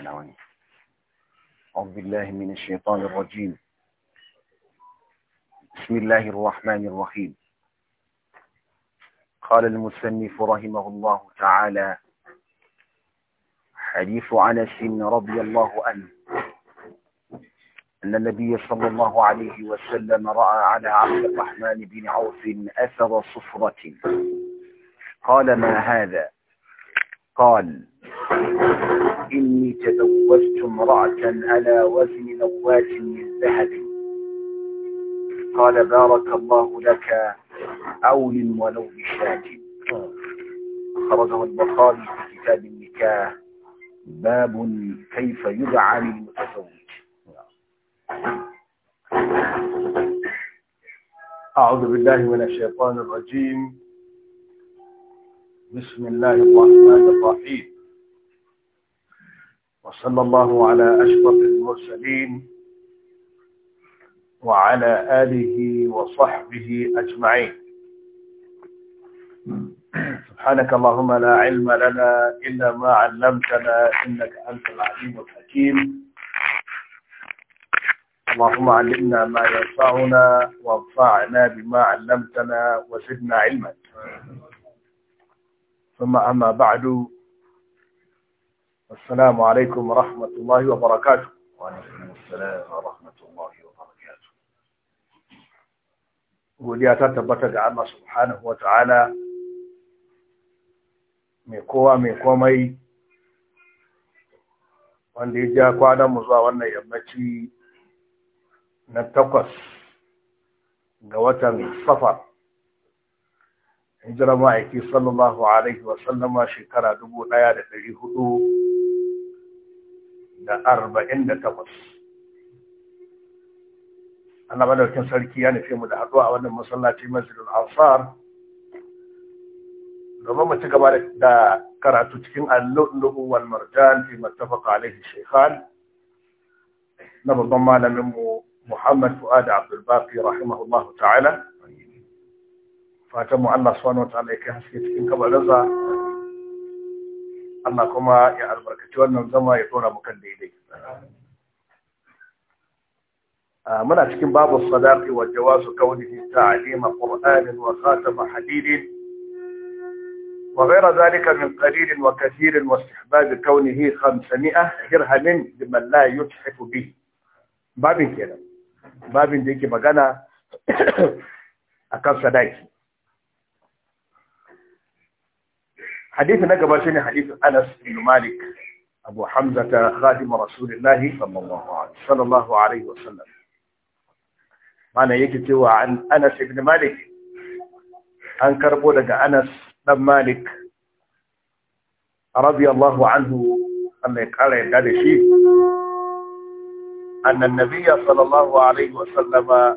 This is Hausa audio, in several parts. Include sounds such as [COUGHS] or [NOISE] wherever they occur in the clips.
العلواني أعوذ بالله من الشيطان الرجيم بسم الله الرحمن الرحيم قال المسنف رحمه الله تعالى حديث أنس رضي الله عنه أن النبي صلى الله عليه وسلم رأى على عبد الرحمن بن عوف أثر صفرة قال ما هذا قال إني تزوجت امرأة على وزن نواة من ذهب قال بارك الله لك أول ولو بشاة أخرجه البخاري في كتاب النكاح باب كيف يدعى للمتزوج أعوذ بالله من الشيطان الرجيم بسم الله الرحمن الرحيم وصلى الله على أشرف المرسلين وعلى آله وصحبه أجمعين سبحانك اللهم لا علم لنا إلا ما علمتنا إنك أنت العليم الحكيم اللهم علمنا ما ينفعنا وانفعنا بما علمتنا وزدنا علما ثم أما بعد Assalamu alaikum wa rahmatullahi wa barakatu. Wa alaikum wa rahmatullahi wa barakatu. Godiya ta tabbata ga Allah subhanahu wa ta'ala mai kowa mai komai wanda ya ja kwanan mu zuwa wannan yammaci na takwas ga watan safar. Hijira ma'aiki sallallahu Alaihi wasallama shekara dubu ɗaya da dari hudu da arba'in da takwas Allah madaukin sarki ya nufi mu da haduwa a wannan masallaci masjidul ansar domin mu ci gaba da karatu cikin al-lu'lu'u wal marjan fi mattafaqa alaihi shaykhan na babban malamin mu Muhammad Fuad Abdul Baqi rahimahullahu ta'ala fatan mu Allah subhanahu wa ta'ala ya kai haske cikin kabarinsa Allah kuma ya albarkaci wannan zama ya tsora mu kan daidai muna cikin babu sadaki wa jawazu kaunihi ta'lima qur'anin wa khatama hadidin wa ghayra zalika min qalil wa kathir wa istihbab kaunihi 500 dirhamin liman la yuthifu bi babin kenan babin da yake magana [COUGHS] akan sadaki حديث نقبشين حديث أنس بن مالك أبو حمزة خادم رسول الله صلى الله عليه وسلم صلى الله عليه وسلم معنى يكتوى عن أنس بن مالك أنكر بولد أنس بن مالك رضي الله عنه أن قال يدالي شيء أن النبي صلى الله عليه وسلم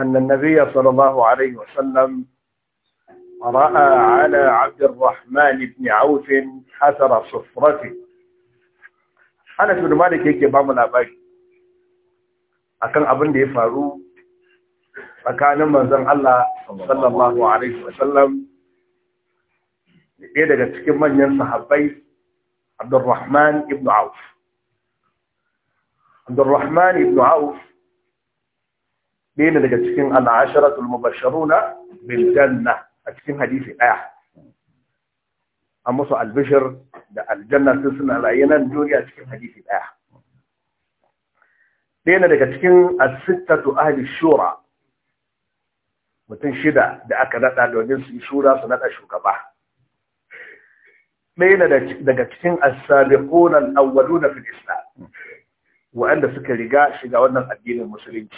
أن النبي صلى الله عليه وسلم رأى على عبد الرحمن بن عوف حسر صفرته أنا بن مالك يكي بامنا باك أكن أبن دي فارو فكان من زن الله صلى الله عليه وسلم إيه دقا تكي من ينسى عبد الرحمن بن عوف عبد الرحمن بن عوف ɗaya ne daga cikin al'asharatul mubashsharuna bil janna a cikin hadisi ɗaya an musu albishir da aljanna sun suna rayunan duniya cikin hadisi ɗaya ɗaya ne daga cikin asittatu ahli shura mutum shida da aka naɗa domin su yi shura su naɗa shugaba ɗaya ne daga cikin asabiquna al-awwaluna fil islam wa'anda suka riga shiga wannan addinin musulunci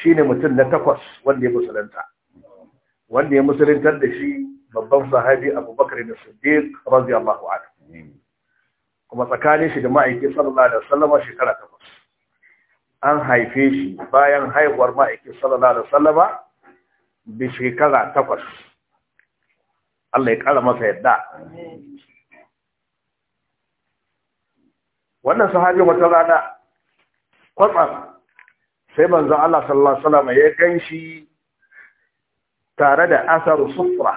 Shi ne mutum na takwas wanda ya musulunta wanda ya musuluntar da shi babban sahabi abubakar da siddiq Allah anhu kuma tsakanin shi da ma'aiki sallallahu alaihi wasallam shekara takwas an haife shi bayan haihuwar ma'aiki sallallahu alaihi wasallam bi shekara takwas Allah ya kara masa yadda wannan sahabi wata rana kwatsam sai manzo Allah sallallahu alaihi wasallam ya ganshi tare da asar sufra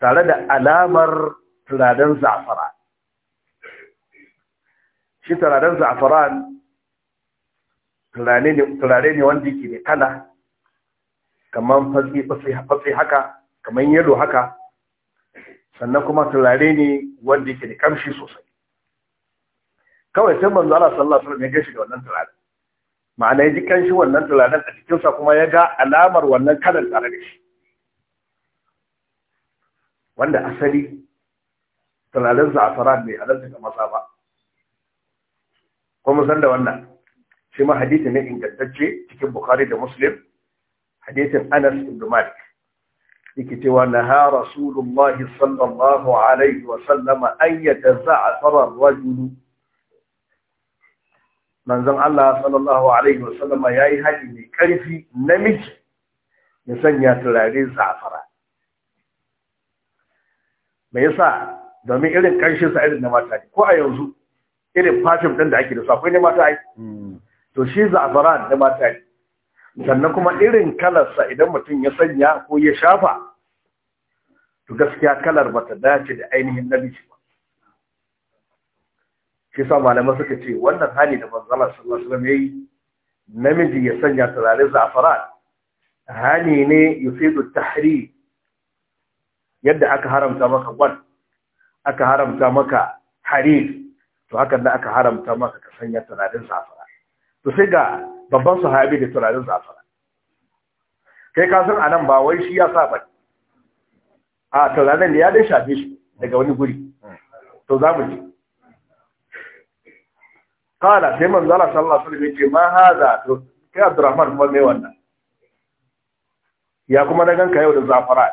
tare da alamar turaren za'fara shi turaren ne turare ne wanda yake da kala kamar fatsi haka kamar yalo haka sannan kuma turare ne wanda yake da kamshi sosai kawai sai manzo Allah sallallahu alaihi wasallam ya gashi da wannan turare ma'ana ya ji kanshi wannan tulanen a cikinsa kuma ya ga alamar wannan kalan tare da shi wanda asali tunanin za'afaran ne a lantarki masa ba kuma san da wannan shi ma hadisi ne ingantacce cikin bukhari da muslim hadisin anas ibn malik yake cewa naha rasulullahi sallallahu alaihi wa sallama an yataza'afara rajulu manzon Allah sallallahu alaihi wasallama yayi haji mai karfi namiji ya sanya turare zafara me yasa domin irin karshen sa irin na mata ko a yanzu irin fashin din da ake da su akwai ne mata ai hmm. to shi zafara da mata sannan kuma irin kalar sa idan mutum ya sanya ko ya shafa to gaskiya kalar bata dace da ainihin namiji ba shi sa malamai suka ce wannan hali da manzala sallallahu alaihi wasallam yayi namiji ya sanya turare za'afaran hali ne yufidu tahri yadda aka haramta maka gwal aka haramta maka harir to hakan da aka haramta maka ka sanya turaren za'afaran to sai ga babban sahabi da turaren za'afaran kai ka san anan ba wai shi ya sa ba a turaren da ya dai shafe shi daga wani guri to za mu ji kala sai man zala sallallahu alaihi wasallam ce ma haza to kai Abdurrahman kuma mai wannan ya kuma na ganka yau da zafara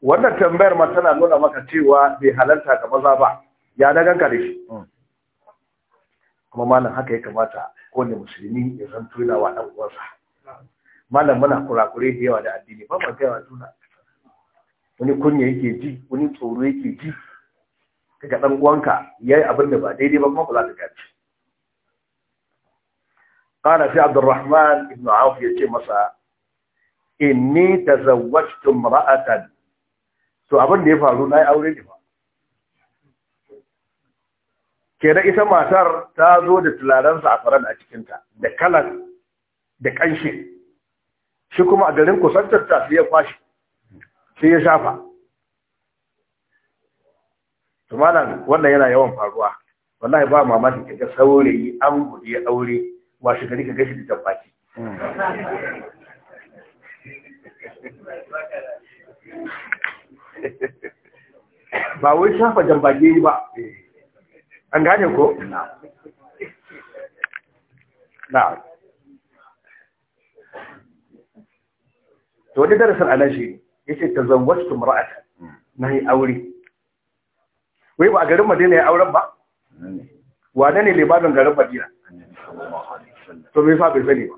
wannan tambayar ma tana nuna maka cewa bai halarta ga maza ba ya na ganka da shi hmm. kuma malam haka ya kamata kowane musulmi ya san tuna wa dan uwansa malam muna kurakure da yawa da addini ba ba kai wa tuna wani kunya yake ji wani tsoro yake ji kaga dan uwanka yayi abin da ba daidai ba kuma ba za ka gaci قال في عبد الرحمن بن عوف يتي مسا inni tazawwajtu imra'atan to abin da ya faru na yi aure ne ba Ke da isa matar ta zo da a safaran a cikinta da kalan da kanshi shi kuma a garin kusantarta ta sai ya kwashi sai ya shafa to malam wannan yana yawan faruwa wallahi ba mamaki kaga saurayi an guje aure washe gari ka gashi da tabbaki ba wai shafa jambage yi ba an gane ko? na to wani darasin alashi ya ce ta zanwaci tumura'ata na yi aure wai ba a garin madina ya auren ba? wane ne libanin garin madina? to me yasa bai sani ba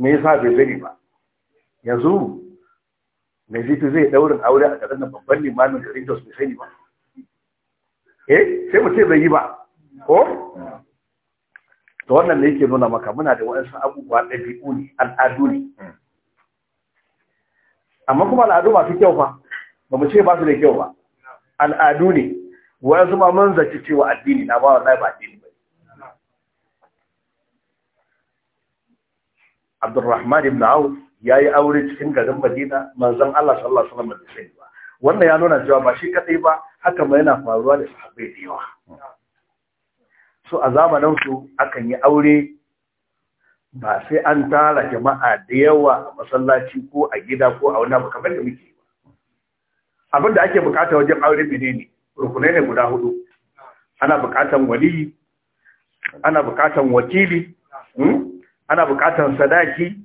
me yasa bai sani ba yanzu mai zai zai daurin aure a garin nan babban limamin garin Jos bai sani ba eh sai mu ce bai yi ba ko to wannan ne yake nuna maka muna da waɗansu abubuwa ɗabi'u ne al'adu ne amma kuma al'adu masu kyau fa ba mu ce ba su da kyau ba al'adu ne waɗansu ma mun zaci cewa addini na ba na ba addini ba Abdurrahman ibn Auf yayi aure cikin garin Madina manzon Allah sallallahu alaihi wasallam da ba wannan ya nuna cewa ba shi kadai ba haka ma yana faruwa da sahabbai da yawa so a zamanin su akan yi aure ba sai an tara jama'a da yawa a masallaci ko a gida ko a wani abu kamar da muke ba abin da ake bukata wajen aure menene rukunai ne guda hudu ana bukatan wali ana bukatan wakili hmm? ana buƙatar sadaki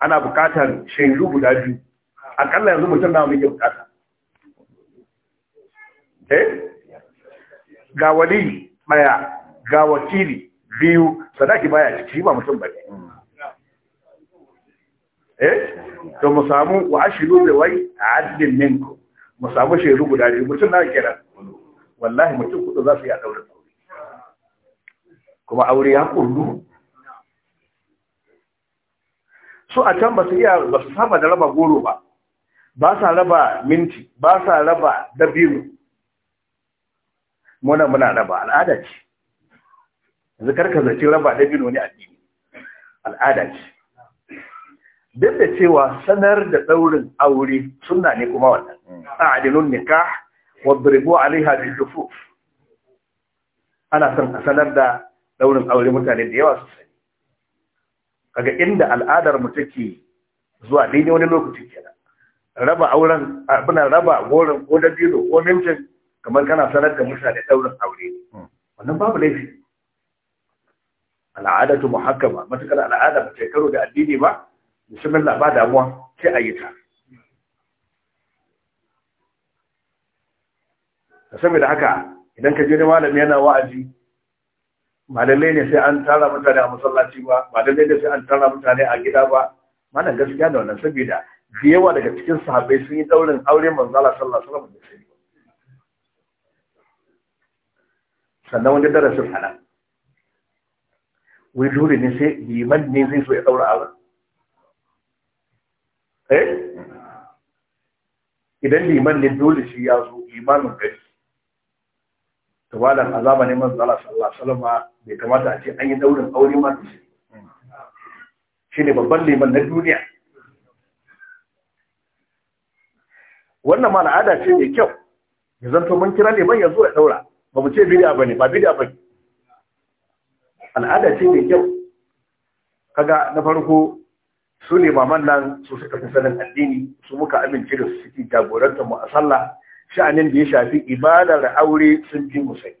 ana buƙatar shaidu guda biyu akalla yanzu mutum na muke buƙata eh ga wali maya ga wakili biyu sadaki baya ciki ba mutum ba ne eh to mu samu wa ashiru da wai adlin minku mu samu shaidu guda biyu mutum na kira wallahi mutum kudu za su yi a daura kuma aure ya kullu su a can ba su iya ba su saba da raba goro ba ba sa raba minti ba sa raba dabino muna muna raba al'ada ce yanzu karka zace raba dabino ne a addini al'ada ce duk da cewa sanar da daurin aure sunna ne kuma wannan a'dinun nikah wadribu alaiha bil jufuf ana son a sanar da daurin aure mutane da yawa sosai Daga inda al'adar mu take zuwa daidai wani lokaci kenan raba auren abuna raba goren ko dabino ko mintin kamar kana sanar da mutane daurin aure wannan babu laifi al'adatu muhakkama matakar al'ada ba ta karo da addini ba bismillah ba damuwa sai a yi ta saboda haka idan ka je da malami yana wa'azi ba lalle ne sai an tara mutane a masallaci ba ba lalle ne sai an tara mutane a gida ba mana gaskiya da wannan saboda da yawa daga cikin sahabbai sun yi daurin aure manzo Allah sallallahu alaihi wasallam da sai sannan wani darasin hana wai dole ne sai liman ne zai so ya daura aure eh idan liman ne dole shi ya zo imanin gari to a azaba ne manzo Allah sallallahu alaihi wasallam bai kamata a ce an yi daurin aure ma shi ne babban liman na duniya wannan ma al'ada ce mai kyau ya zanto mun kira liman ya zo ya daura ba mu ce bid'a bane ba bidiya bane al'ada ce mai kyau kaga na farko su ne maman nan su suka fi sanin addini su muka amince da su suke jagorantar mu a sallah sha'anin da ya shafi ibadar aure sun fi musai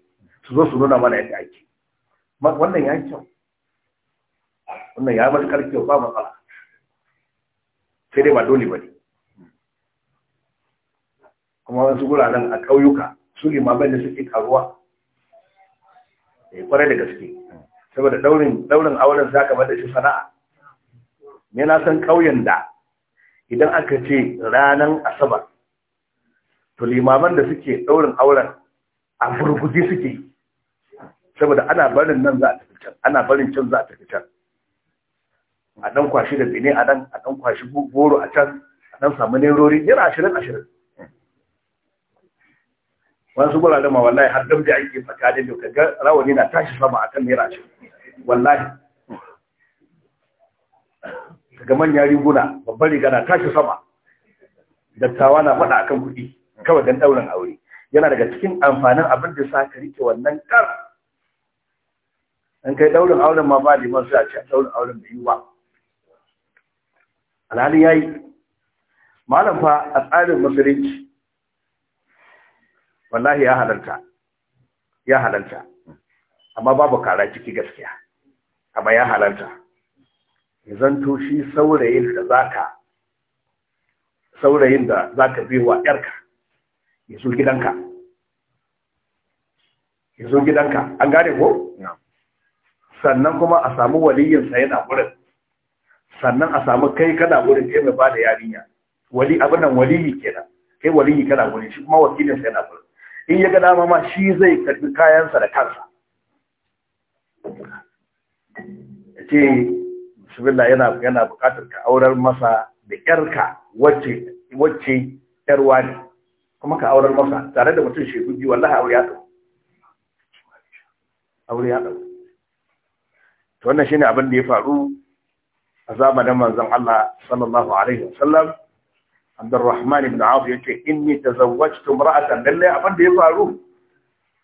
su zo su nuna mana yadda ake wannan ya kyau wannan ya matuƙar kyau ba matsala sai dai ba dole ba ne kuma wasu guraren a ƙauyuka su limaman da suke karuwa ya eh, kware da gaske saboda daurin auren za ka bada shi sana'a ne na san ƙauyen da idan aka ce ranar asabar to limaman da suke ɗaurin auren a burguje suke saboda ana barin nan za a tafi can ana barin can za a tafi can a ɗan kwashi da bene a dan, a ɗan kwashi goro a can a ɗan samu nerori yana ashirin ashirin wasu da ma wallahi har dabda ake tsakanin da kaga rawani na tashi sama akan naira ashirin wallahi daga manyan riguna babban riga na tashi sama dattawa na faɗa akan kuɗi kawai dan daurin aure yana daga cikin amfanin abin da saka ka rike wannan kar An kai daurin auren ma ba liman sai a ce daurin auren bai yi ba alhali yayi malam fa a tsarin musulunci wallahi ya halarta ya halarta amma babu kara ciki gaskiya amma ya halarta ya zanto shi saurayin da zaka saurayin da zaka bi wa yarka ya zo gidanka ya zo gidanka an gane ko sannan kuma a samu waliyinsa yana wurin sannan a samu kai kana wurin kai mai bada yarinya wali abin nan waliyi kenan kai waliyi kana wurin shi kuma wakilinsa yana wurin in ya ga dama ma shi zai karbi kayansa da kansa ya ce bismillah yana yana bukatar ka aurar masa da yarka wacce wacce yarwa ne kuma ka auren masa tare da mutum shekaru biyu wallahi aure ya dau aure ya dau to wannan shine abin da ya faru a zamanin manzon Allah sallallahu alaihi wasallam Abdurrahman ibn Auf yace inni tazawwajtu imra'atan lalle abin da ya faru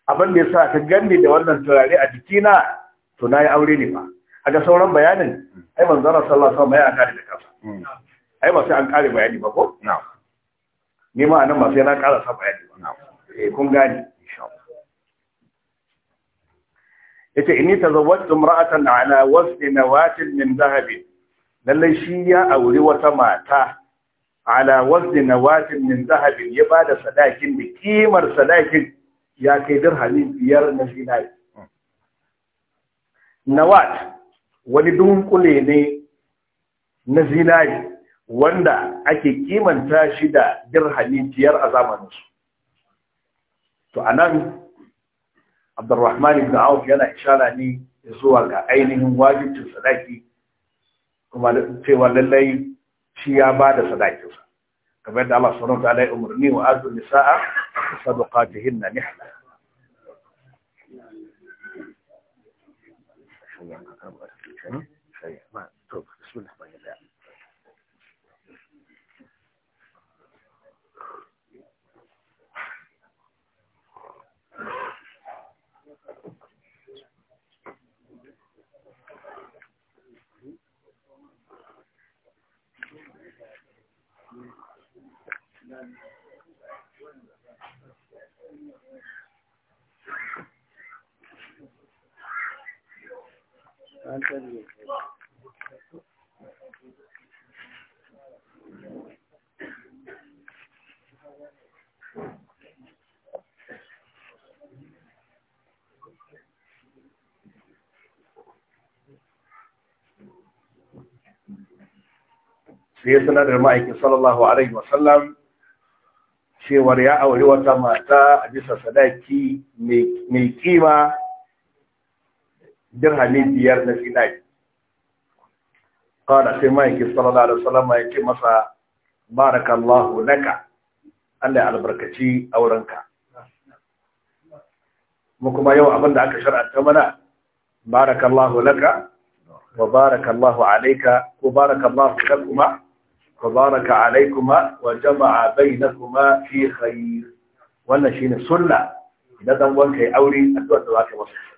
abin da yasa ka ganni da wannan turare a jikina to nayi aure ne fa a ga sauran bayanin ai manzon Allah sallallahu alaihi wasallam ya aka da kansa hmm. ai ba sai an kare bayani ba ko na'am ni ma nan ba sai na ƙara sa bayani ba eh, kun gane yace inni tazawwajtu imra'atan ala wasfi nawatin min dhahab lalle shi ya auri wata mata ala wasfi nawatin min dhahab ya bada sadakin da kimar sadakin ya kai dirhami biyar na zinari nawat wani dunkule ne na zinari wanda ake kimanta shi da dirhami biyar a su. to anan abdurrahman ibn auf yana ishara ne zuwa ga ainihin wajibcin sadaki kuma cewa lallai shi ya ba da sadakinsa kamar yadda Allah subhanahu wa ta'ala ya umarni wa azu nisaa sadaqatihinna nihla sai ya sanar da ma'aikin sallallahu alaihi wasallam cewar ya auri wata mata a bisa sadaki mai kima dirhami biyar na zinari qala sai ma'aiki sallallahu alaihi wasallam ya ce masa barakallahu laka Allah ya albarkaci aurenka mu kuma yau abin da aka shar'anta mana barakallahu laka wa barakallahu alayka ko barakallahu lakuma wa baraka alaykuma wa jama'a bainakuma fi khair wannan shine sunna idan dan wanka ya aure addu'a da zaka masa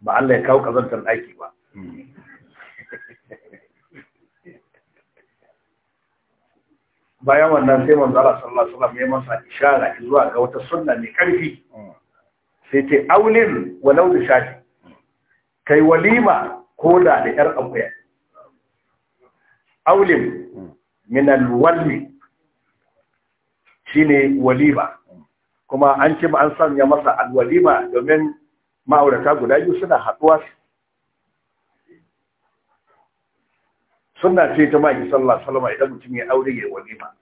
ba Allah ya kawo kazantar ɗaki ba bayan wannan sai manzo Allah sallallahu alaihi wasallam ya masa ishara zuwa ga wata sunna mai karfi sai ce aulin walau da shati kai walima ko da da yar akuya aulin min alwalmi shine walima kuma an ce ba an sanya masa alwalima domin ma'aurata guda biyu suna haɗuwa suna ce ta maki sallah salama idan mutum ya aure ya walima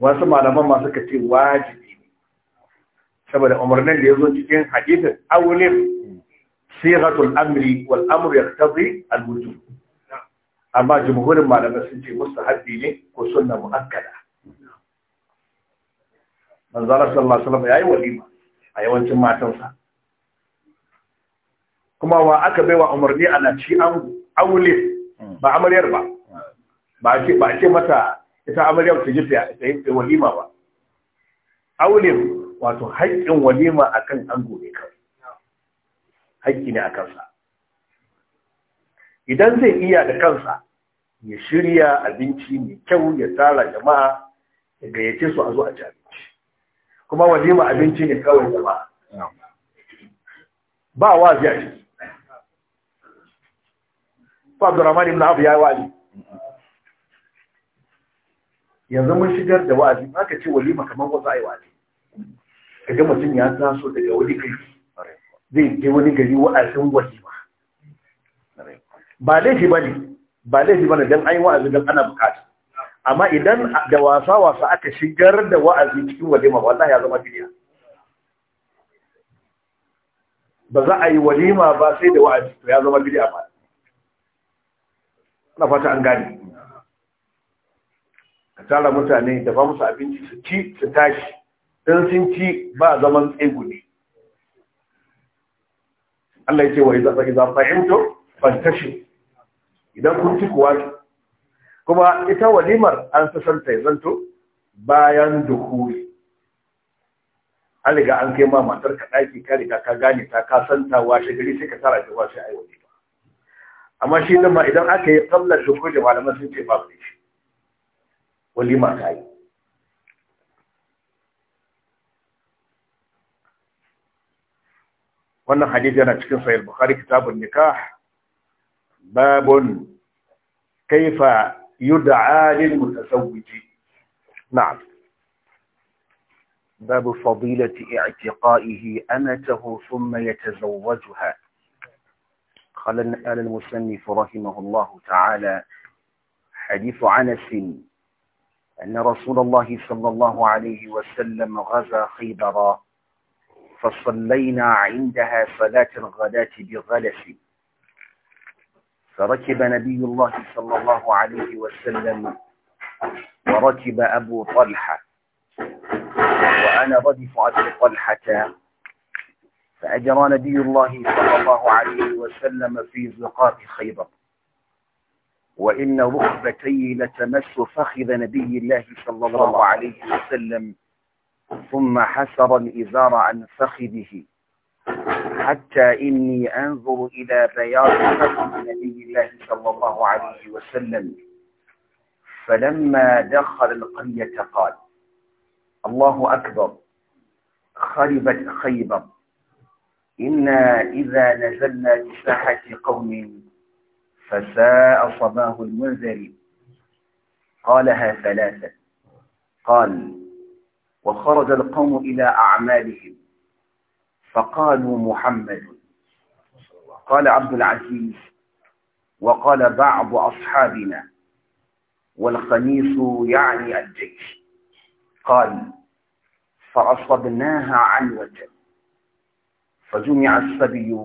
wasu malaman ma suka ce wajibi ne saboda umarnin da ya zo cikin hadisin aure sigatul amri wal amru yaqtadi al wujub amma jumhurin malamai sun ce mustahabi ne ko sunna muakkada manzara sallallahu alaihi wasallam yayi walima a yawancin matansa kuma wa aka baiwa umarni ana ci an aule ba amaryar ba ba ce ba ce mata ita amaryar ta ji ta yi walima ba aule wato haƙƙin walima akan an gobe kawai haƙƙi ne a kansa idan zai iya da kansa ya shirya abinci mai kyau ya tara jama'a ya gayyace su a zo a ci abinci kuma walima abinci ne kawai jama'a ba wa a ciki ko Abdurrahman ibn abu ya wa'azi yanzu mun shigar da wa'azi ka ce walima kamar wasu ayi wa'azi kaga mutum ya taso daga wani gari zai je wani gari wa'azin walima ba laifi ne ba laifi don dan yi wa'azi dan ana bukata amma idan da wasa wasa aka shigar da wa'azi cikin walima wallahi ya zama duniya. ba za a yi walima ba sai da wa'azi to ya zama duniya ba na fata an gane ka tara mutane da ba musu abinci su ci su tashi don sun ci ba zaman tsegu ne. Allah ya ce wa iza iza fahimtu fantashi idan kun ci kuwa kuma ita walimar an sasanta ya zanto bayan duhuri an riga an kai ma matar ka ɗaki ka riga ka gane ta ka santa washe gari sai ka tara ta washe aiwata. amma shi nan ma idan aka yi sallar shukuji malaman sun ce babu shi walima ta yi wannan hadisi yana cikin sahih bukhari kitabun nikah babun kaifa yud'a lil mutasawwij na'am باب فضيلة اعتقائه أمته ثم يتزوجها قال قال المصنف رحمه الله تعالى حديث عنس أن رسول الله صلى الله عليه وسلم غزا خيبر فصلينا عندها صلاة الغداة بغلس فركب نبي الله صلى الله عليه وسلم وركب أبو طلحة وأنا ردف أبو طلحة فأجرى نبي الله صلى الله عليه وسلم في زقاق خيبر وإن ركبتي لتمس فخذ نبي الله صلى الله عليه وسلم ثم حسر الإزار عن فخذه حتى إني أنظر إلى بياض فخذ نبي الله صلى الله عليه وسلم فلما دخل القرية قال الله أكبر خربت خيبر إنا إذا نزلنا لساحة قوم فساء صباه المنذر قالها ثلاثة قال وخرج القوم إلى أعمالهم فقالوا محمد قال عبد العزيز وقال بعض أصحابنا والخميس يعني الجيش قال فأصبناها عنوة فجمع الصبي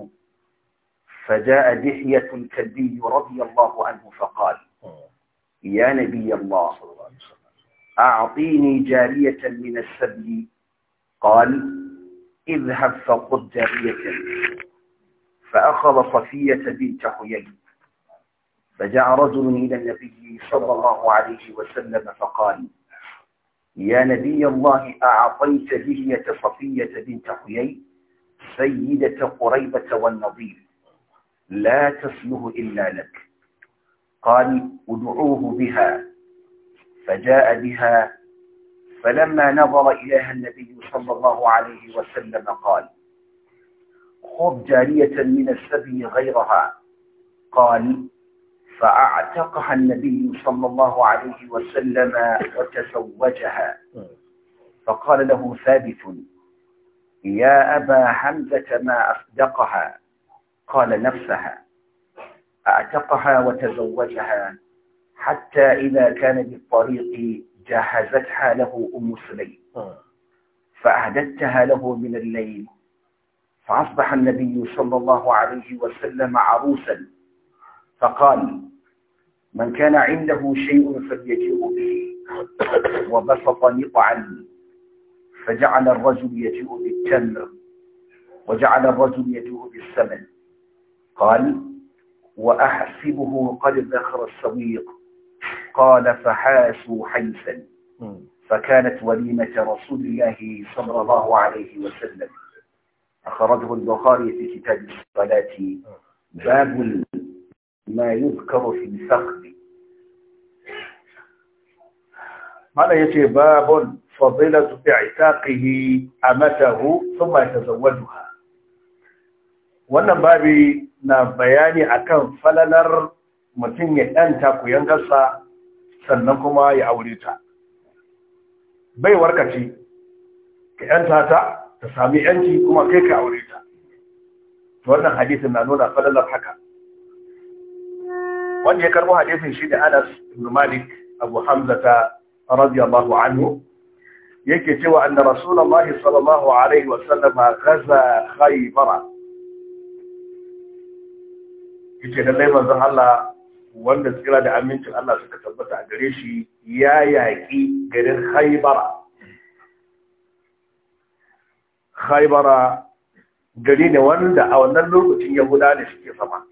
فجاء دحية الكلبي رضي الله عنه فقال يا نبي الله أعطيني جارية من السبي قال اذهب فقد جارية فأخذ صفية بنت حيي فجاء رجل إلى النبي صلى الله عليه وسلم فقال يا نبي الله أعطيت دحية صفية بنت حيي سيدة قريبة والنظير لا تصله إلا لك قال ادعوه بها فجاء بها فلما نظر إليها النبي صلى الله عليه وسلم قال خذ جارية من السبي غيرها قال فأعتقها النبي صلى الله عليه وسلم وتزوجها فقال له ثابت يا أبا حمزة ما أصدقها قال نفسها أعتقها وتزوجها حتى إذا كان بالطريق جهزتها له أم سليم آه. فأهدتها له من الليل فأصبح النبي صلى الله عليه وسلم عروسا فقال من كان عنده شيء فليجيء به وبسط نطعا فجعل الرجل يجيء بالتمر وجعل الرجل يجيء بالسمن قال وأحسبه قد ذخر السويق قال فحاسوا حيسا فكانت وليمة رسول الله صلى الله عليه وسلم أخرجه البخاري في كتاب الصلاة باب ما يذكر في الفخذ ماذا يتي باب فضيلة اعتاقه أمته ثم يتزوجها wannan babi na bayani akan falalar mutum ya ɗanta ku gasa sannan kuma ya aure ta bai warkaci ka ‘yanta ta ta sami ‘yanci kuma kai ka aure ta wannan hadisin na nuna falalar haka wanda ya karbo hadisin shi da anas ibn malik abu hamza ta radiyallahu anhu yake cewa anna rasulullahi sallallahu alaihi wasallam gaza khaybara yake da lai manzon Allah wanda tsira da amincin Allah suka tabbata a gare shi ya yaƙi garin khaybara khaybara gari ne wanda a wannan lokacin yahuda ne suke sama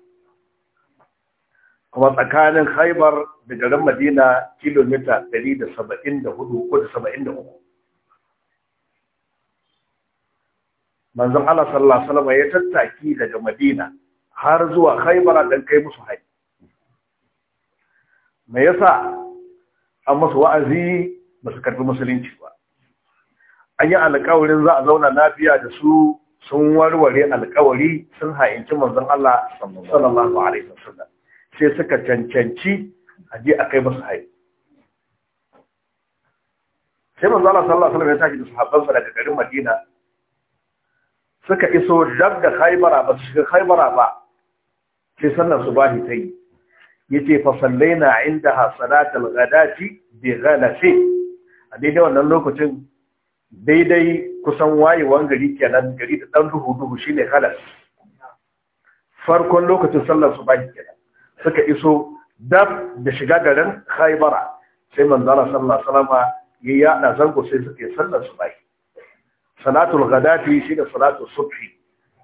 kuma tsakanin khaybar da garin madina kilomita 174 ko 73 manzon Allah sallallahu alaihi wasallam ya tattaki daga Madina har zuwa Khaybar dan kai musu haji me yasa an musu wa'azi ba su karbi musulunci ba an yi alƙawarin za a zauna lafiya da su sun warware alƙawari sun ha'inci manzon Allah sallallahu alaihi wasallam sai suka cancanci je a kai musu haji sai manzon Allah sallallahu alaihi wasallam ya tashi da sahabbansa daga garin Madina suka iso dab da khaybara ba su shiga khaybara ba sai sannan su shi ta yi Ya ce fa na inda salatal ghadati bi ghalasi a daidai wannan lokacin daidai kusan wayewan gari kenan gari da dan duhu duhu shine halas farkon lokacin sallar shi kenan suka iso dab da shiga garin khaybara sai manzara sallallahu alaihi ya yada zango sai suka su su shi. salatul ghadati shi da salatul subhi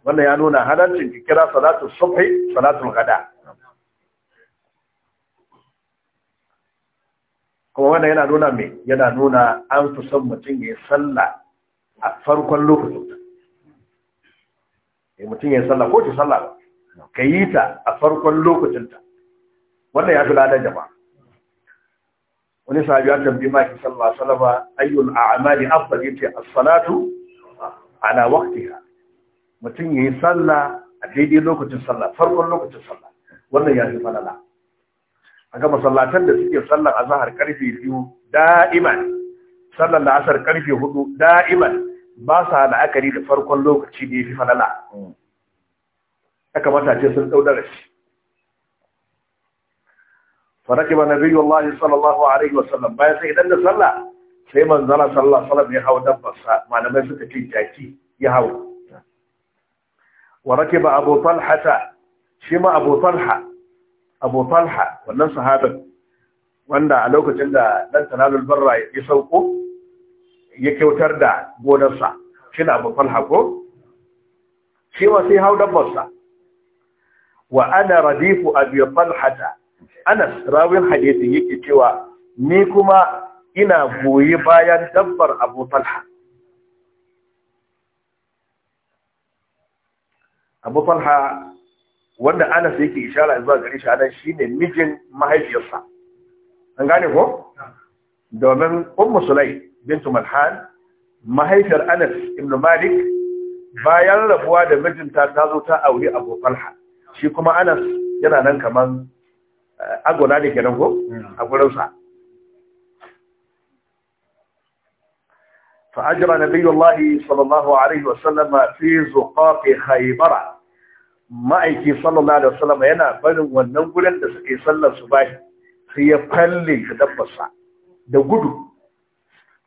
wannan ya nuna halaccin ki kira salatul subhi salatul ghada kuma wannan yana nuna me yana nuna an fi son mutum ya salla a farkon lokacin ya eh, mutum ya salla ko ta salla ba ka yi ta a farkon lokacinta wannan ya fi ladan jama'a wani sahabi ya tambayi maki sallallahu alaihi wasallam ayyul a'mali afdal yace as-salatu ala waqtiha mutum yayi sallah a daidai lokacin sallah farkon lokacin sallah wannan ya fi falala a ga masallatan da suke sallar azhar karfe 2 da'iman sallar asar karfe 4 da'iman ba sa la'akari da farkon lokaci da ya fi falala ya kamata ce sun daudara shi faraki ba nabi Allah sallallahu alaihi wasallam bayan sai idan da sallah sai manzana sallallahu alaihi ya hau dabbarsa malamai suka ce jaki ya hau wa rakiba abu talha shi ma abu talha abu talha wannan sahabin wanda a lokacin da dan tanalul barra ya sauko ya kyautar da gonarsa shi na abu talha ko shi ma sai hau dabbarsa wa ana radifu abu talha anas rawin hadisi yake cewa ni kuma ina goyi bayan dabbar abu talha abu talha wanda anas yake ishara zuwa gari shi anan shine mijin mahaifiyarsa an gane ko domin ummu sulay bintu malhan mahaifiyar anas ibn malik bayan rabuwa da mijinta ta zo ta aure abu talha shi kuma anas yana nan kaman eh, agona da nan ko hmm. a gurinsa فأجرى نبي الله صلى الله عليه وسلم في زقاق خيبر ma'aiki sallallahu alaihi wasallam yana barin wannan gurin da suke sallar su bashi sai ya falle shi sa da gudu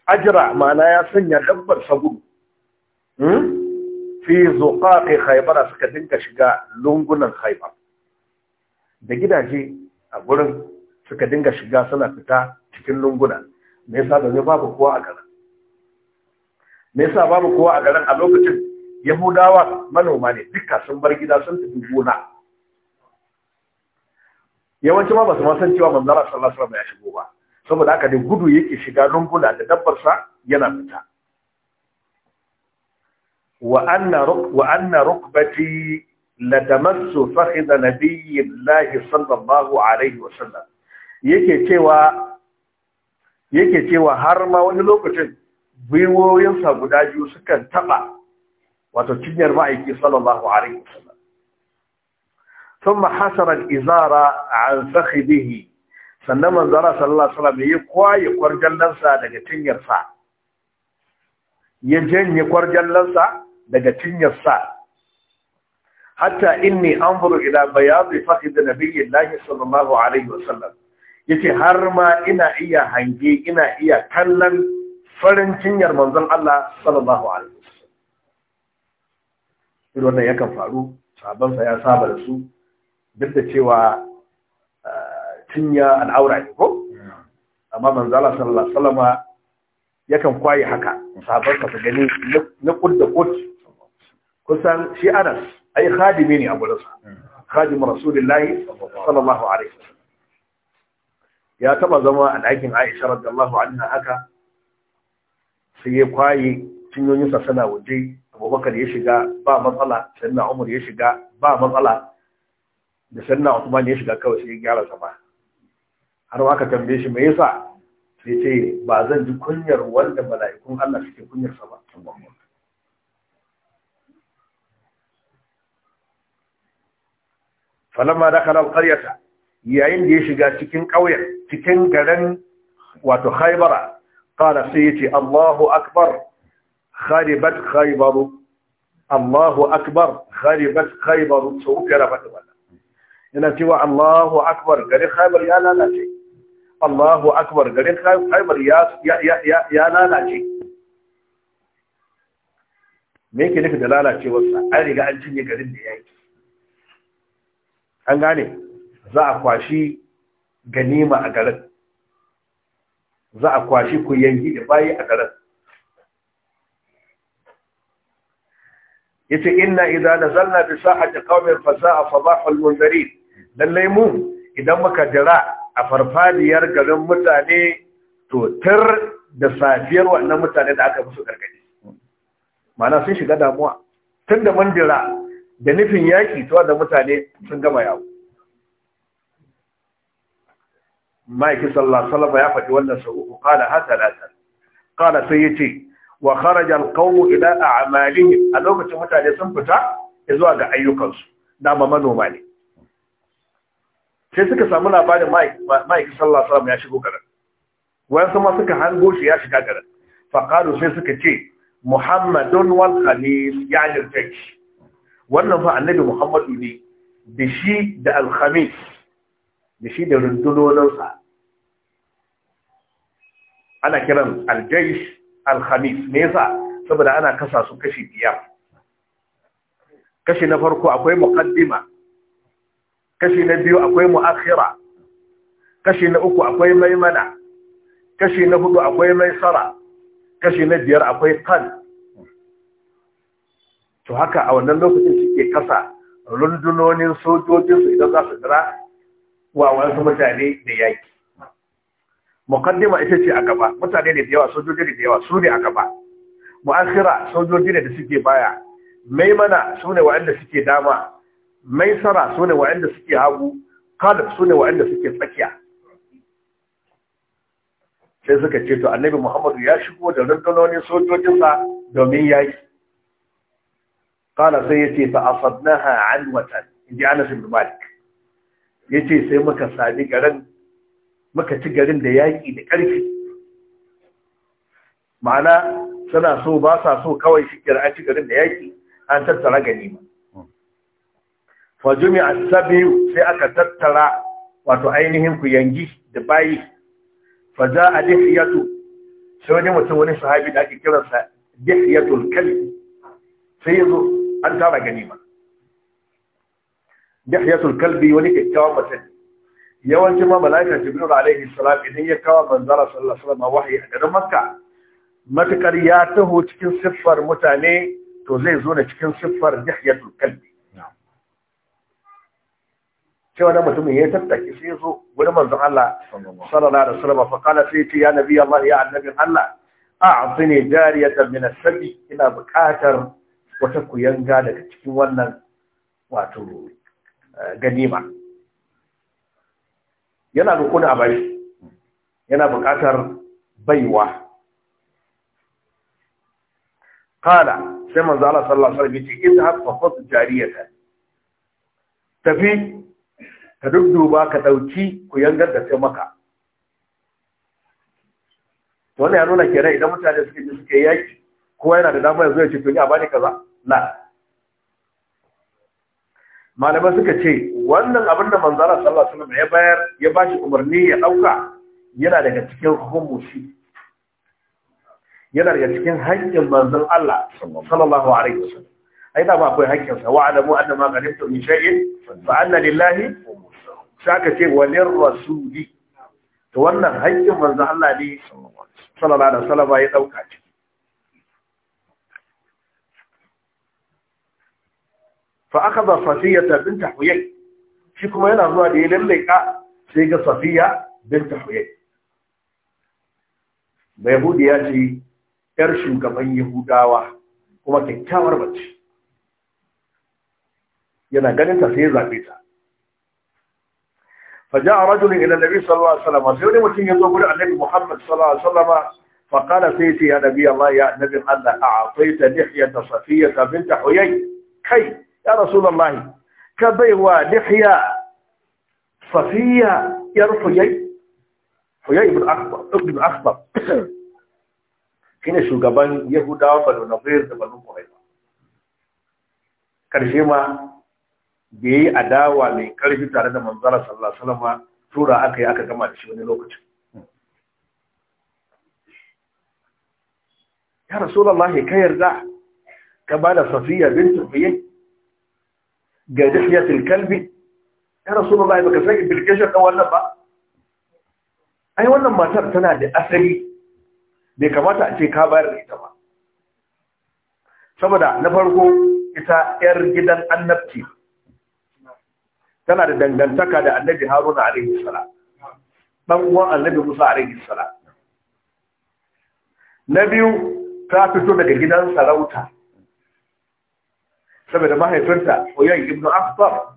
ajira ma'ana ya sanya sa gudu fi zuqaqi khaybar suka dinka shiga lungunan khaybar da gidaje a gurin suka dinga shiga suna fita cikin lunguna me yasa da babu kowa a garin me yasa babu kowa a garin a lokacin yahudawa manoma ne duka sun bar gida sun tafi gona yawanci ma basu su san cewa Allah sallallahu alaihi wasallam ya shigo ba saboda haka da gudu yake shiga lunguna da dabbar sa yana fita wa anna ruk wa anna rukbati tamassu fakhidha nabiyillahi sallallahu alaihi wasallam yake cewa yake cewa har ma wani lokacin gwiwoyinsa guda biyu sukan taɓa wato cinyar ma'aiki sallallahu alaihi wasallam ثم حسر الإزار عن فخذه sannan manzara sallallahu alaihi wasallam ya kwaye kwarjallansa daga cinyarsa ya janye kwarjallansa daga cinyarsa hatta inni anzuru ila bayadi fakhid nabiyillahi sallallahu alaihi wasallam yace har ma ina iya hange ina iya kallon farin cinyar manzon Allah sallallahu alaihi wasallam wannan yakan faru sabon sa ya saba da su duk da cewa ah, cinya al'aura ne ko amma Allah sallallahu alaihi wasallam yakan kwaye haka sa ta gani na kudda kot kusan shi Anas ai khadimi ne a gurinsa khadim rasulullahi sallallahu alaihi wasallam ya taba zama a ɗakin Aisha radiyallahu anha haka sai ya kwaye cinyoyinsa suna waje abubakar ya shiga ba matsala sannan umar ya shiga ba matsala da sannan usman ya shiga kawai sai ya gyara sama. har aka tambaye shi mai yasa sai ce ba zan ji kunyar wanda mala'ikun Allah suke kunyar sa ba falamma dakhala alqaryata yayin da ya shiga cikin ƙauyen cikin garin wato haibara. qala sai yace Allahu akbar kharibat khaybar Allahu akbar kharibat khaybar to kira ba wannan yana cewa Allahu akbar gari khaybar ya lalace Allahu akbar gari khaybar ya lalace me yake nufi da lalacewarsa an riga an cinye garin da yaki an gane za a kwashi ganima a garin za a kwashi ku yanki da bayi a garin yace inna idza nazalna bi sahati qaumin fasaa sabahul mundarin lallai mu idan muka jira a farfadiyar garin mutane to tir da safiyar wannan mutane da aka musu gargadi Mana sun shiga damuwa tunda mun jira da nufin yaki to wannan mutane sun gama yawo ma'aiki sallallahu ya faɗi wannan sau uku qala hasalatan qala sai ce, wa kharaja alqawm ila a'malihim a lokacin mutane sun fita ya zuwa ga ayyukansu na manoma ne sai suka samu labarin ma'aiki sallallahu ya shigo garin wasu sama suka hango shi ya shiga garin faqalu sai suka ce muhammadun wal khamis yani al wannan fa annabi muhammadu ne da shi da alhamis, khamis da shi da ana kiran aljaish alhamis me yasa saboda ana kasa su kashi biyar kashi na farko akwai muqaddima kashi na biyu akwai mu'akhira kashi na uku akwai maimana kashi na hudu akwai maisara kashi na biyar akwai qal to haka a wannan lokacin suke kasa rundunonin sojojinsu idan za su dira wa wasu mutane da yaki mukaddima ita ce a gaba mutane ne da yawa sojoji ne da yawa su ne a gaba mu'akhira sojoji ne da suke baya maimana su ne wa'anda suke dama maisara su ne wa'anda suke hagu kalif su ne wa'anda suke tsakiya sai suka ce to annabi muhammadu ya shigo da sojojin sojojinsa domin yaki kala sai ya ce fa'asadnaha an watan inji anas ibn malik ya ce sai muka sami garin muka ci garin da yaƙi da ƙarfi ma'ana suna so ba sa so kawai shi kira an ci garin da yaƙi an tattara ganima fajumi a sabiyu sai aka tattara wato ainihin ku yangi da bayi za a dihiyatu sai wani mutum wani sahabi da ake kiransa dihiyatul kalbi sai yazo an tara ganima dihiyatul kalbi wani kyakkyawan mutum yawanci ma malaika jibril alaihi salam idan ya kawo manzara sallallahu alaihi wasallam wahayi a garin makka matakar ya taho cikin siffar mutane to zai zo na cikin siffar dihyatul kalbi cewa da mutumin ya tattaki sai zo gurin manzon Allah sallallahu alaihi wasallam fa qala sai ya nabi Allah ya annabi Allah a'tini jariyatan min as-sabi ina buƙatar wata kuyanga daga cikin wannan wato eh, ganima yana da da abashi yana buƙatar baiwa kala sai manzo Allah sallallahu alaihi wasallam yace idhab fa khudh jariyatan tafi ka dudduba ka dauki ku yangar da sai maka to wannan ya nuna kenan idan mutane suke suke yaki kowa yana da dama ya zo ya ce to ni a bani kaza la malamai suka ce wannan abin da manzara sallallahu alaihi wasallam ya bayar ya bashi umarni ya dauka yana daga cikin humusi yana daga cikin haƙƙin manzon Allah sallallahu alaihi wasallam ai da ba akwai haƙƙin sa wa adamu annama qadimtu min shay'in fa anna lillahi saka ce wa lir rasuli to wannan haƙƙin manzon Allah ne sallallahu alaihi wasallam ya dauka ce Fa aka fa’akaza safiya ta binta huyai shi kuma yana zuwa da ya ka? sai ga safiya binta huyai mai hudu ya ce ‘yar shugaban yahudawa kuma kyakkyawar mace yana ganin ta sai ya zaɓe ta faja a rajulun ilalabi salawa salama sai wani mutum ya zo guri annabi muhammad salawa salama faƙala sai ya ce ya nabi ya maya annabin allah a akwai ta nihiyar da ta binta huyai kai ya rasulullahi ka baiwa dihya safiya yar huyai huyai ibn akbar ibn akbar kine [CLEARS THROAT] shugaban yahudawa banu nafir da banu quraiza karshe ma da yi adawa mai karfi tare da manzara sallallahu alaihi wasallam tura aka yi aka gama da shi wani lokaci. ya rasulullahi ka yarda ka ba da safiya bin tufiyin ga dahiyatul kalbi ya rasulullahi baka san implication din wannan ba ai wannan matar tana da asali bai kamata a ce ka bayar da ita ba saboda na farko ita yar gidan annabci tana da dangantaka da annabi haruna alaihi uwan annabi musa alaihi na biyu ta fito daga gidan sarauta saboda mahaifinta Uyay ibn Akhtab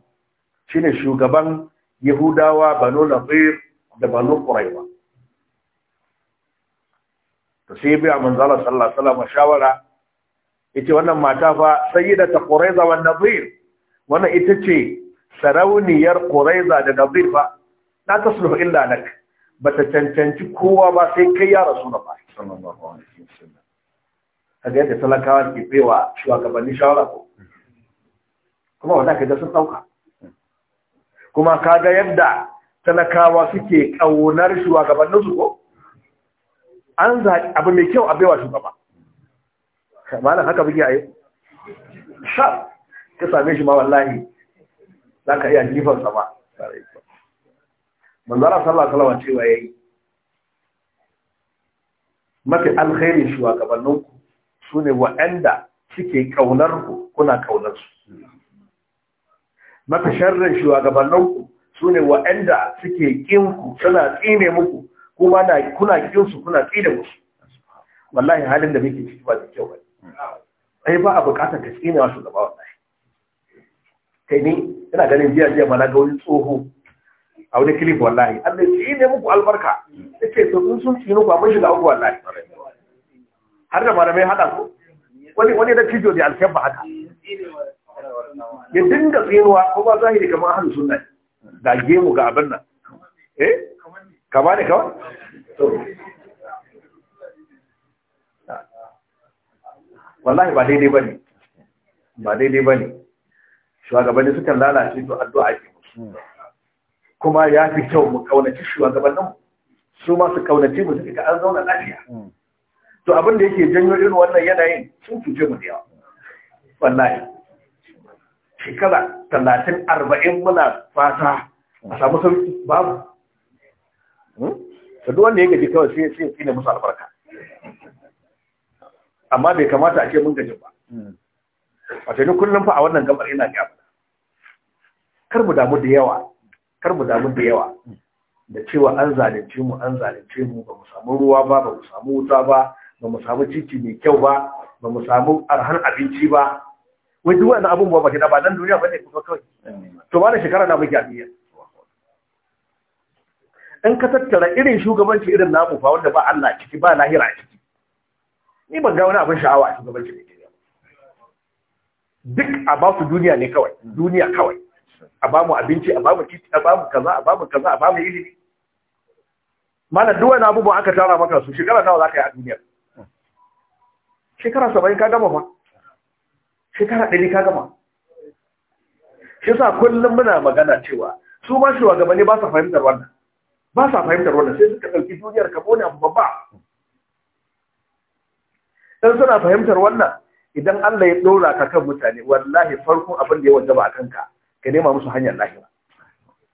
shine shugaban Yahudawa Banu Nadir da Banu Quraiba to sai bi mun zala sallallahu alaihi wasallam shawara yace wannan mata fa sayyidata Quraiza wa Nadir wannan ita ce sarauniyar Quraiza da Nadir fa la tasluhu illa lak bata cancanci kowa ba sai kai ya rasu sallallahu alaihi wasallam kaga yadda talakawa ke baiwa shugabanni shawara ko kuma wanda ka ga sun ɗauka kuma ka ga yadda talakawa suke ƙaunar shugabanninsu ko an zaɓi abu mai kyau a baiwa shugaba malam haka buge a yi sha ka same shi ma wallahi za ka iya jifarsa ba manzara sallah salawa cewa ya yi mafi alkhairin shugabanninku su ne wa'anda suke ƙaunarku kuna su. mafi sharrin shugabanninku su ne wa'anda suke ƙinku suna tsine muku kuma na kuna ƙinsu kuna tsine musu wallahi halin da muke ciki ba da kyau ba ai ba a buƙatar ka tsine wa shugaba wallahi kai ni ina ganin jiya jiya mana ga wani tsoho a wani kilif wallahi Allah tsine muku albarka yace to sun sun tsine ku amma shiga uku wallahi har da malamai haɗa ku wani wani da kijo da alkebba haka ya dinga tsinuwa ko ba za da kamar ahlus sunna da gemu ga abin nan eh kama ne kawai wallahi ba daidai ne ba daidai bane shugabanni sukan lalace to addu'a ke musu hmm. kuma ya fi kyau mu kaunaci shugabannin su masu su kaunaci mu suka an zauna lafiya hmm. to abin da yake janyo irin wannan yanayin sun fice mu da yawa wallahi shekara talatin arba'in muna fata a samu sauki babu da hmm? duk wanda ya gaji kawai sai sai tsine musu albarka amma bai kamata a ce mun gaji ba hmm. A ni kullum fa a wannan gabar ina ga kar mu damu da yawa kar mu damu da yawa da cewa an zalunce mu an zalunce mu ba mu samu ruwa ba ba mu samu wuta ba ba mu samu titi mai kyau ba ba mu samu arhan abinci ba wai duk wannan abubuwa ba gida ba nan duniya ba ne kuma kawai to ba da shekara na muke abiya in ka tattara irin shugabanci irin namu fa wanda ba Allah ciki ba lahira ciki ni ban ga wani abin sha'awa a shugabanci ne duk a ba su duniya ne kawai duniya kawai a ba mu abinci a ba mu titi a ba mu kaza a ba mu kaza a ba mu ilimi malam duk wani abubuwan aka tara maka su shekara nawa za ka yi a duniya shekara saba'in ka gama fa shekara ɗari ka gama shi sa kullum muna magana cewa su ma shugabanni ba sa fahimtar wannan ba sa fahimtar wannan sai suka ɗauki duniyar ka bone abu babba dan suna fahimtar wannan idan Allah ya ɗora ka kan mutane wallahi farkon abin da ya wajaba a kanka ka nema musu hanyar lahira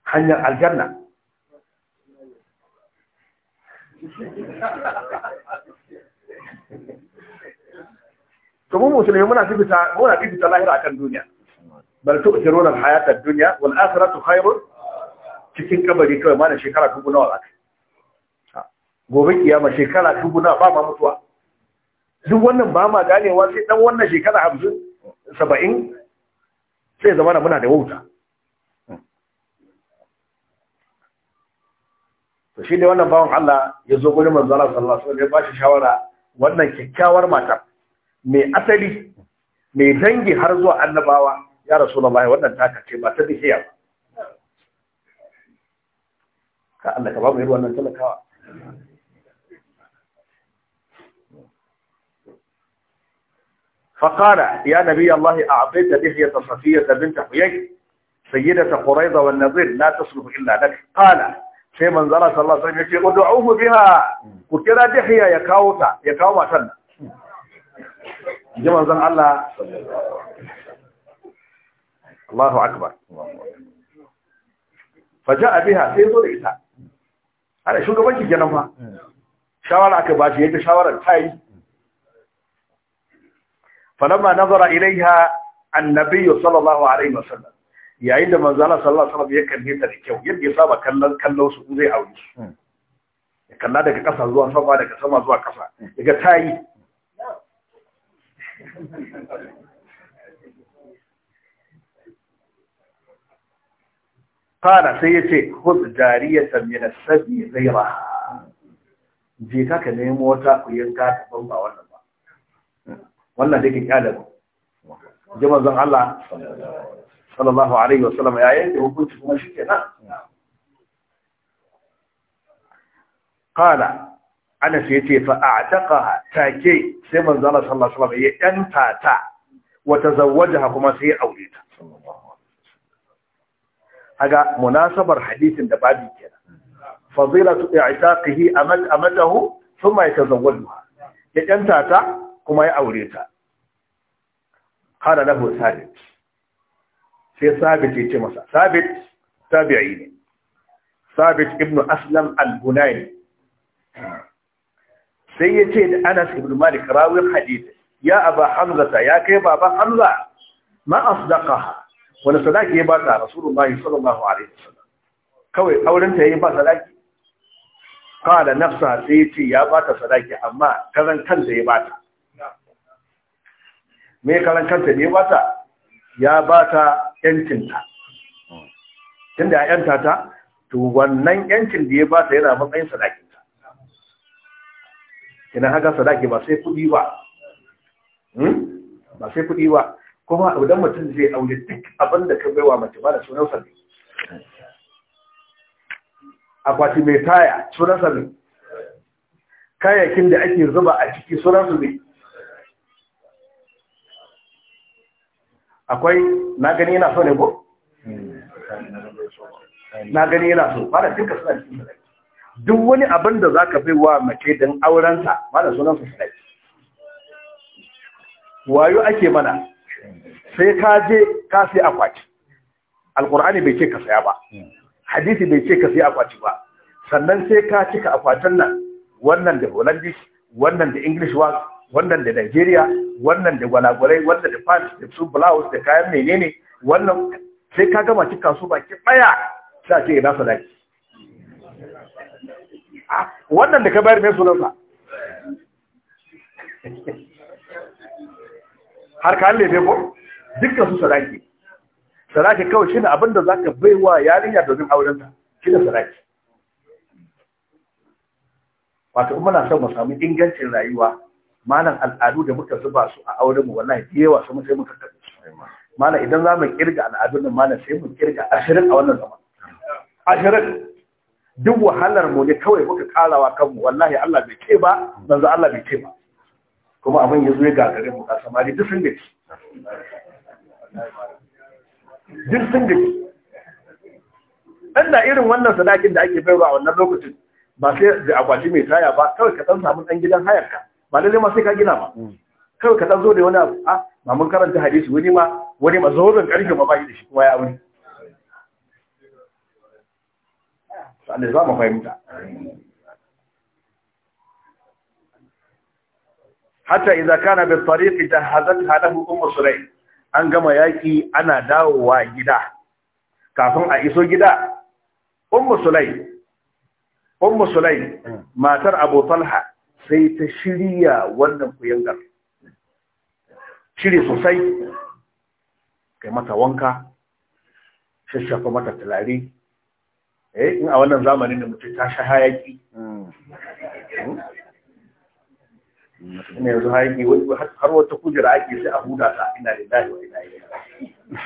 hanyar aljanna to musulmi muna fifita muna fifita lahira akan duniya bal tu'thiruna al-hayata duniya. dunya wal akhiratu khairun cikin kabari kawai ma da shekara dubu nawa za ka gobe kiyama shekara dubu nawa ba ma mutuwa duk wannan ba ma ganewa sai dan wannan shekara hamsin saba'in sai zamana muna da wauta to shi ne wannan bawan Allah ya zo gurin manzo Allah sallallahu alaihi wasallam ya ba shi shawara wannan kyakkyawar matar mai asali mai dangi har zuwa annabawa ya rasu bayan wannan takace ba ta bishiya ba ka Allah ka ba mu wannan talakawa فقال يا نبي الله أعطيت دحية صفية بنت حيي سيدة قريضة والنظير لا تصلح إلا لك قال في منظرة صلى الله عليه وسلم ادعوه بها وكذا دحية يكاوتا يكاوما سنة ji manzon Allah Allahu akbar faja'a biha sai zo da ita ana shugabanci kenan fa shawara aka ba shi yadda shawara ta yi falamma nazara ilaiha annabi sallallahu alaihi wasallam yayin da manzo Allah sallallahu alaihi wasallam ya kalle ta da kyau yadda ya saba kallon kallon su zai aure su hmm. ya kalla daga kasa zuwa sama daga sama zuwa ƙasa daga ta yi Kara sai ya ce, Hud jariya samina sabi zaira, je ka ka nemo wata ku yanka ban ba wannan ba. Wannan da ke kyalabu. Jima zan Allah, sallallahu Alaihi wasallam ya yi da hukunci kuma shi ke nan. Kara, anas ya ce fa a'taqa take sai manzo Allah sallallahu alaihi wasallam ya yanta ta wa tazawwajaha kuma sai ya aure ta haga munasabar hadisin da babu kenan fadilatu i'taqihi amal amatahu thumma yatazawwajuha ya yanta ta kuma ya aure ta Kada lahu sabit sai sabit ya ce masa sabit tabi'i ne sabit ibnu aslam al-bunayni sai ya ce da anas ibn malik rawin hadith ya aba hamzata ya kai baba hamza ma asdaqa wani sadaki ya ba ta rasulullahi sallallahu alaihi wasallam kawai auren ta yayin ba sadaki qala nafsa sai ya ce ya ba ta sadaki amma karan kanta ya ba ta me karan kanta ne ba ta ya ba ta yancinta tunda ya yanta ta to wannan yancin da ya ba ta yana matsayin sadaki ina haka sadaki ba sai kuɗi ba hmm? ba sai kuɗi ba kuma idan mutum zai aure duk abin da ka baiwa mace ba da sunan sabi akwati mai taya sunan sabi kayayyakin da ake zuba a ciki sunan sabi akwai na gani yana so ne ko hmm. na gani yana so ba da duka suna cikin duk wani abin da za ka bai wa mace don aurensa mana sunansa sadaki wayo ake mana sai ka je ka sai akwaci alkur'ani bai ce ka saya ba hadisi bai ce ka sai akwaci ba sannan sai ka cika akwatin nan wannan da holandish wannan da english wax wannan da nigeria wannan da gwalagwalai wannan da pants da su blouse da kayan menene wannan sai ka gama cika su baki daya sai ce ina sadaki wannan da ka bayar mai sunansa har ka halle ko dukkan su sadaki sadaki kawai shine abin da ka baiwa yarinya domin auren ta ne sadaki Wata in muna son mu samu ingancin rayuwa malam al'adu da muka zuba su a auren mu wallahi da yawa su sai muka kaddara mana idan za mu kirga al'adun nan malam sai mu kirga ashirin a wannan zaman ashirin duk wahalar mu ne kawai muka karawa kanmu wallahi Allah bai ce ba manzo Allah bai ce ba kuma abin ya zo ya gagare mu ka samari duk sun gaci duk sun gaci dan irin wannan sadakin da ake bayarwa a wannan lokacin ba sai da akwati mai taya ba kawai ka dan samu dan gidan hayar ka ba lalle ma sai ka gina ba mm. kawai ka dan zo da wani abu ah, a ba mun karanta hadisi wani ma wani ma zaurin karfe ma bai da shi kuma ya aure Allah za mu fahimta hatta iza kana bi idan jahazat halahu ummu an gama yaki ana dawowa gida kafin a iso gida ummu sulaim ummu matar abu talha sai ta shirya wannan kuyangar shiri sosai kai mata wanka shashafa mata tulare eh in a wannan zamanin da mutum ta sha hayaki ne yanzu hayaki har wata kujera ake sai a huda ta ina da dahi wa ina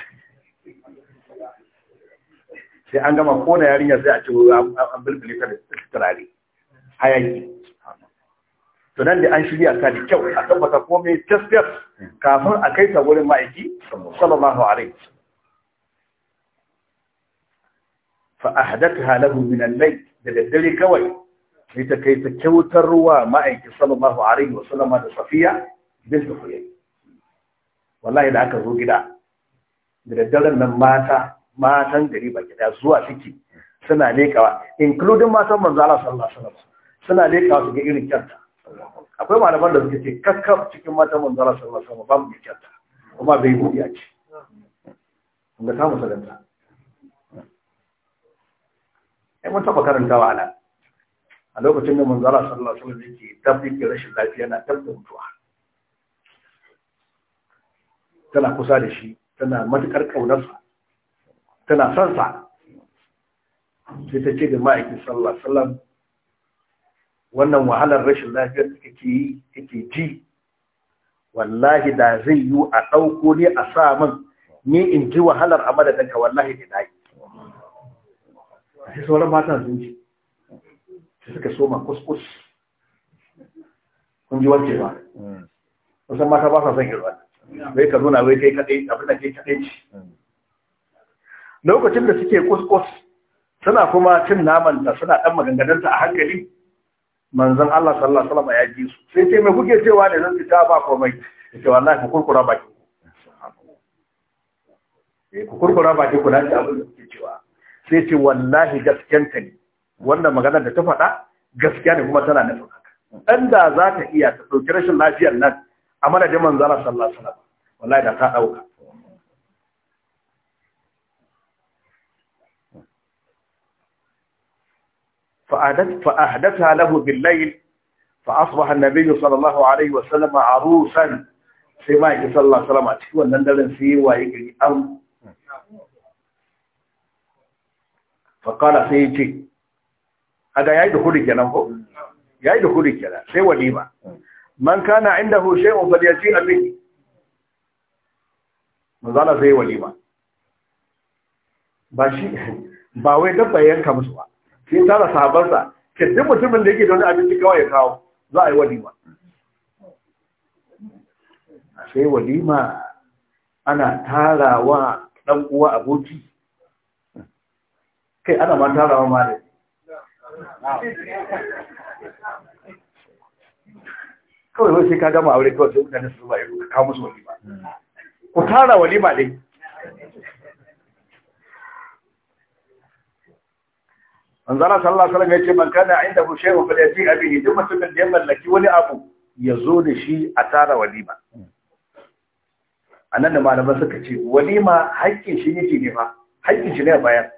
sai an gama kona yarinya sai a ce an bilbile ta da turare hayaki to nan da an shirya ta da kyau a tabbata komai tas kafin a kai ta wurin ma'aiki sallallahu alaihi fa ahdatha lahu min al-layl da daddare kawai sai ta kai ta kyautar ruwa ma'aikin sallallahu alaihi wa sallama da safiya bin dukuyai wallahi da aka zo gida da nan mata matan gari ba gida zuwa suke suna lekawa including matan manzo Allah sallallahu alaihi wasallam suna lekawa su ga irin kyanta akwai malaman da suke ce kakkaf cikin matan manzo Allah sallallahu alaihi wasallam ba mu kyanta kuma bai buɗi a ci kuma ta musalanta ai mun taba karantawa ana a lokacin da manzo Allah sallallahu alaihi wasallam yake tabbike rashin lafiya na tabbata mutuwa tana kusa da shi tana matukar kaunarsa tana son sa sai ta ce da ma'aikin sallallahu alaihi wasallam wannan wahalar rashin lafiyar da kake yi kake ji wallahi da zai yi a ɗauko ne a sa min ni in ji wahalar a daga wallahi da na sai sauran matan sun ce su suka soma kuskus kun ji wance ba wasan mata ba sa son hirwa zai ka zona zai kai kaɗai abin da kai kaɗai ci lokacin da suke kuskus suna kuma cin namanta suna ɗan maganganunta a hankali manzan Allah sallallahu alaihi wasallam ya ji su sai ce mai kuke cewa da zan fita ba komai ce wallahi ku kurkura baki eh, ku kurkura baki ku na ci abin da kuke cewa sai ce wallahi gaskiyanta ne wannan magana da ta faɗa gaskiya ne kuma tana nufin haka Ɗan da za ta iya ta ɗauki rashin lafiyar nan a madadin manzala sallallahu alaihi wasallam wallahi da ta ɗauka Fa فأحدثها له fa فأصبح النبي صلى Sallallahu alaihi وسلم عروسا sai ma'aikin sallallahu alaihi wasallam a cikin wannan daren sai ya waye gari an faƙala sai ya ce ya yayi da hudu kenan ko yayi da hudu kenan sai walima man kana indahu shay'un falyati amin manzala sai walima ba shi ba wai dabba yanka musu ba sai tara sahabarsa ke duk mutumin da yake da wani abinci kawai ya kawo za a yi walima sai walima ana tarawa dan uwa aboki kai ana ma tara wa mare kawai wai sai ka gama aure kawai sai mutane su zuba ido ka kawo musu walima ku tara walima dai manzara sallallahu alaihi wasallam ce man kana indahu shay'un falyati abihi duk mutumin da ya mallaki wani abu ya zo da shi a tara walima anan da malaman suka ce walima haƙƙin shi yake ne fa haƙƙin shi ne a bayan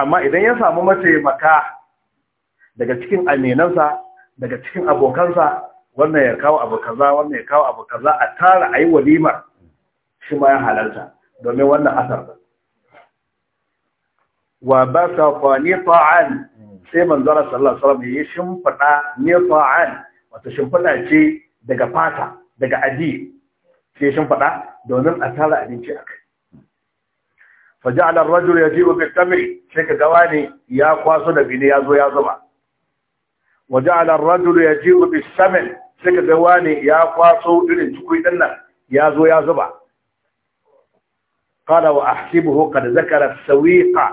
amma idan ya samu mataimaka daga cikin aminansa daga cikin abokansa wannan ya kawo abu kaza wannan ya kawo abu kaza a tara ayi walimar shi ma ya halarta domin wannan asar ba wa basaqa nifa'an sai manzara sallallahu alaihi wasallam ya shimfida nifa'an wato shimfada ce daga fata daga aji sai shimfida domin a tara abinci akai فجعل الرجل يجيء بالتمر شيك دواني يا قاسو دبيني يا زو يا زما وجعل الرجل يجيء بالسمن شيك دواني يا قاسو irin cikui din nan ya zo ya zuba qala wa ahsibuhu qad zakara sawiqa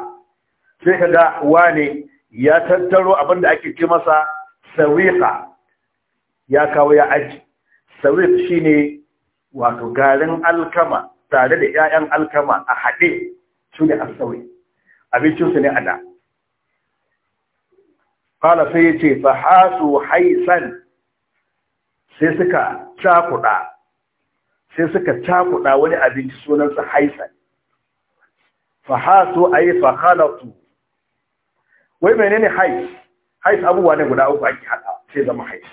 shika da wani ya tattaro abinda ake ce masa sawiqa ya kawo ya aji sawiq shine wato garin alkama tare da 'ya'yan alkama a haɗe su ne asawi abincinsu ne a da kala sai ya ce fahasu haisan sai suka cakuɗa sai suka cakuɗa wani abinci sunansa haisan fahasu a yi fahalatu wai menene hais hais abubuwa ne guda uku ake haɗa sai zama hais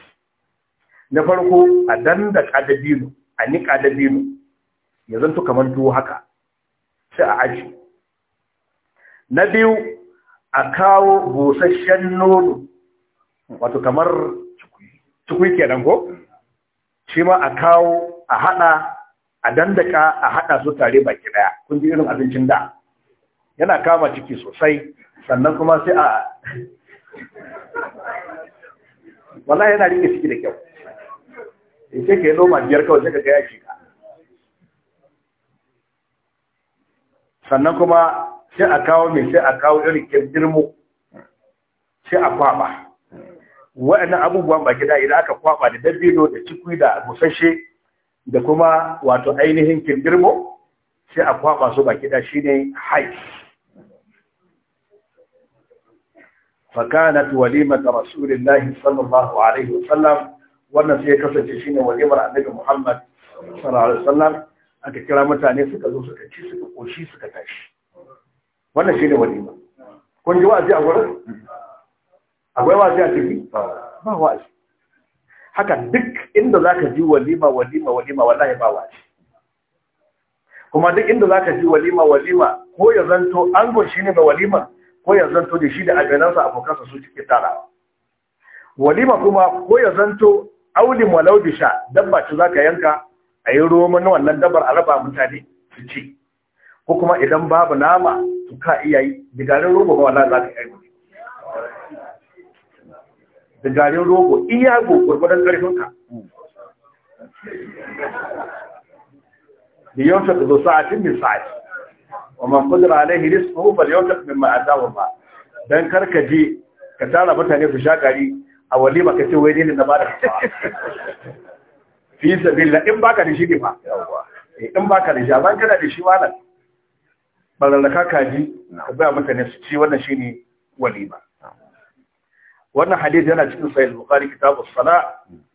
na farko a danda ƙadabino a niƙa dabino ya zanto kamar tuwo haka sai a aji na biyu a kawo busasshen nono wato kamar cikui ke ko shi ma a kawo a hada a dandaka a hada su tare baki daya kun ji irin abincin da yana kama ciki sosai sannan kuma sai a [LAUGHS] wallahi yana rike ciki da kyau in ce ke noma biyar kawai sai ka ga ya shiga sannan kuma sai a kawo mai sai a kawo irin kirmo sai a kwaba waɗannan abubuwan ba gida idan aka kwaba da dabino da cikwi da musashe da kuma wato ainihin kirmo sai a kwaba su ba gida ne hais fakanat walimar lahi sallallahu alaihi wasallam wannan sai ya kasance ne walimar annabi muhammad sallallahu alaihi wasallam aka kira mutane suka zo suka ci suka koshi suka tashi wannan shi ne walima kun ji wa'azi a wurin? akwai wa'azi a ciki ba wa'azi haka duk inda za ka ji walima walima walima wallahi ba wa'azi kuma duk inda za ka ji walima walima ko ya zanto angon shi ne da walima ko ya zanto da shi da aganansa abokansa su cikin tarawa walima kuma ko ya zanto aulin walau sha dabba ce za ka yanka a yi roman wannan dabbar a raba mutane su ci ko kuma idan babu nama to ka iya yi da garin rogo ba wallahi za ka iya yi da garin rogo iya go gurgurdan karfinka wa ma ساعة من ساعته ومن ba da yau فلينفق مما آتاه الله dan karka je ka tara mutane su shakari a ba ka ce wai ne na bada fi sabilillah in baka da shi ne eh, ba in baka da shi amma kana da shi wannan bararraka kaji ka ba mutane su ci wannan shine walima wannan hadisi yana cikin sahih bukhari kitab as-sala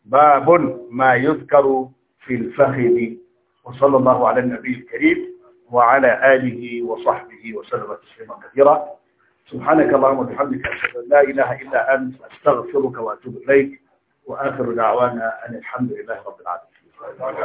babun ma yuzkaru fil fakhri wa sallallahu ala an-nabi al-karim wa ala alihi wa sahbihi wa sallama taslima kathira سبحانك اللهم وبحمدك اشهد ان لا اله الا انت استغفرك واتوب اليك واخر دعوانا ان الحمد لله رب العالمين